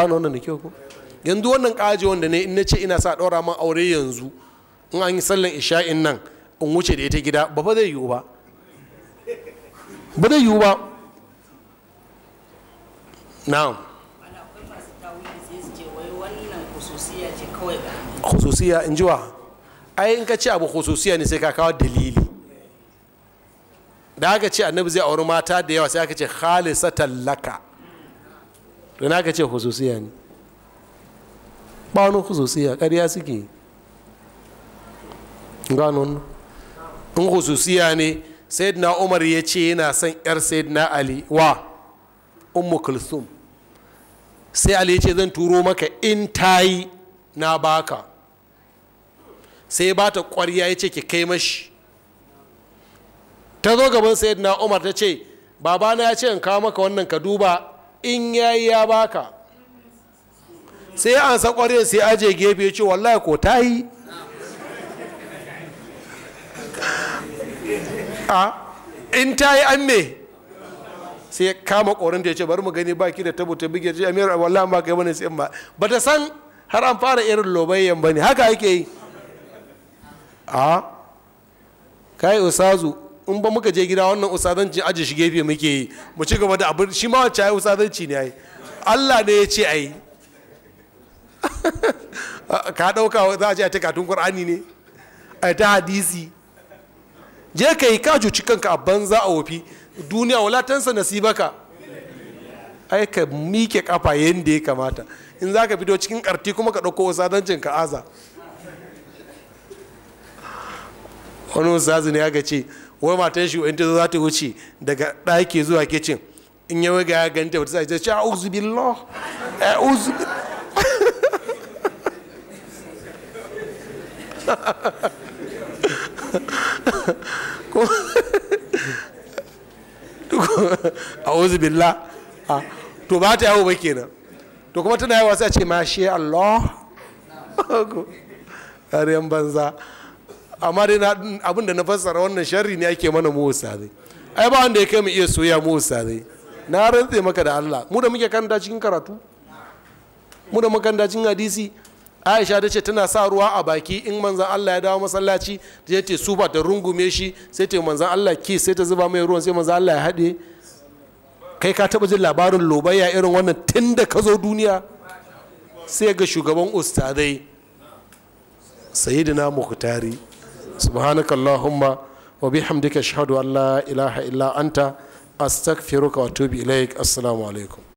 gano wannan da kyau ko yanzu wannan kaji wanda ne in na ce ina sa ɗora man aure yanzu in an yi sallan isha'in nan in wuce da ita gida ba ba zai yiwu ba ba zai yiwu ba na'am khususiya in ji wa ai in ka ce abu khususiya ne sai ka kawo dalili da aka ce annabi zai auri mata da yawa sai aka ce khalisatan laka to na ka ce hususiya ne ba hususiya ƙarya suke gano in hususiya ne sayyidina umar ya ce yana son yar sayyidina ali wa ummu kulsum sai ali ya ce zan turo maka in tayi na baka sai ba ta ƙwarya ya ce ki kai mashi ta zo gaban sayyidina umar ta ce babana ya ce in kawo maka wannan ka duba in yayi ya baka sai an sa kwarai sai aje gefe ya ce wallahi ko ta yi a in ta yi an me sai kama korin da ya ce bari mu gani baki da tabo ta bige ce amir wallahi ba kai bane sai ba ba ta san har an fara irin lobayyan bane haka yake yi a kai usazu in ba muka je gida wannan usadanci aji shi gefe muke yi mu ci gaba da abin shi ma wacce yi usadanci ne ai Allah ne ya ce ai ka dauka za a ce a ta katun qur'ani ne a ta hadisi je ka yi ka cuci kanka a banza a wofi duniya nasiba ka ai ka mike kafa yadda ya kamata in za ka fito cikin karti kuma ka ɗauko usadancin ka aza wani wasu ne ya ce wai matan shi wani za ta wuce daga ɗaki zuwa kicin in yi waga ya ganta wata sai ta ce a'udhu billah billah ah, to ba ta yawo ba kenan to kuma tana yawa sai ce ma shi Allah ariyan banza amma dai abin abinda na fassara wannan sharri ne ake mana mu ustazai ai ba wanda ya kai mu iya soya mu ustazai na rantse maka da Allah mu da muke kanta cikin karatu mu da muke kanta cikin hadisi aisha ta ce tana sa ruwa a baki in manzon allah ya dawo masallaci ta ce su ba ta rungume shi sai ta manzon allah ki sai ta zuba mai ruwan sai manzon allah ya haɗe kai ka taba jin labarin lobayya irin wannan tun da ka zo duniya sai ga shugaban ustadai sayyidina muhtari subhanakallahumma wa bihamdika ashhadu an la ilaha illa anta astaghfiruka wa atubu ilaik assalamu alaikum